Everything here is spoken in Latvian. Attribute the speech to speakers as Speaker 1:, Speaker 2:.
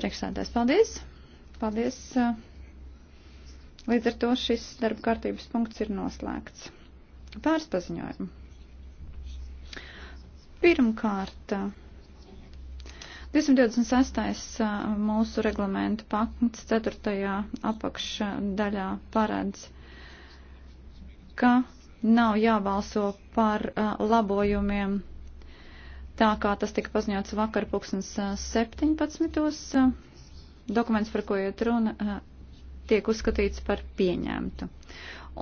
Speaker 1: Priekšsēdētājs, paldies! Paldies! Līdz ar to šis darba kārtības punkts ir noslēgts. Pāris paziņojumu. Pirmkārt, 226. mūsu reglamentu pakts 4. apakšdaļā paredz, ka nav jābalso par labojumiem tā kā tas tika paziņots vakar pulkstens 17. Dokuments, par ko iet runa, tiek uzskatīts par pieņemtu.